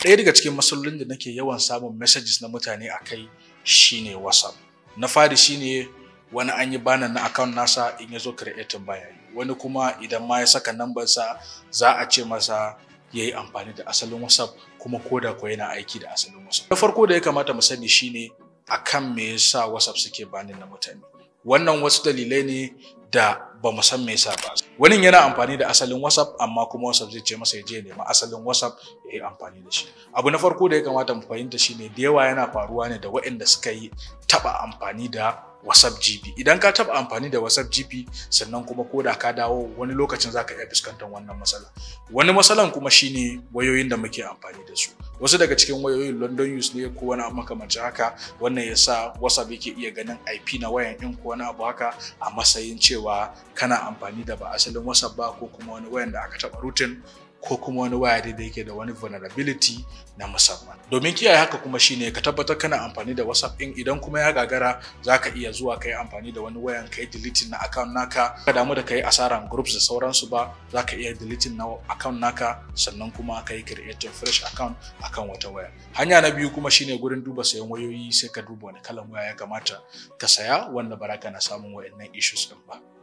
ɗaya daga cikin matsalolin da nake yawan samun messages na mutane a kai shine whatsapp na fari shine wani an yi bana na account nasa in ya zo creating baya wani kuma idan ma ya saka nambarsa za a ce masa ya yi amfani da asalin whatsapp kuma koda ko yana aiki da asalin whatsapp na farko da ya kamata mu sani shine kan me yasa whatsapp suke bani na mutane wannan wasu dalilai ne da ba mu san me yasa ba wani yana amfani da asalin whatsapp amma kuma whatsapp zai ce masa ya je nema asalin whatsapp ya yi amfani da shi abu na farko da ya kamata mu fahimta shi ne da yawa yana faruwa ne da waɗanda suka yi taɓa amfani da WhatsApp GP idan ka taɓa amfani da WhatsApp GP sannan kuma ko da ka dawo wani lokacin zaka iya fuskantar wannan matsala wani matsalan kuma shine wayoyin da muke amfani da su wasu daga cikin wayoyin london news ne ko wani makamanci haka wannan ya sa whatsapp yake iya ganin ip na wayan in ko wani abu haka a matsayin cewa kana amfani da ba asalin whatsapp ba ko kuma wani wayan da aka taɓa rutin ko kuma wani waya da yake da wani vulnerability na musamman domin kiyaye haka kuma shine ka tabbatar kana amfani da whatsapp din idan kuma ya gagara zaka iya zuwa kai amfani da wani wayan kai deleting na account naka ka damu da kai asaran groups da sauransu ba zaka iya deleting na account naka sannan kuma kai a fresh account akan wata waya hanya na biyu kuma shine gurin duba sayan wayoyi sai ka duba wani kalan waya ya kamata ka saya wanda baraka na samun wayannan issues din ba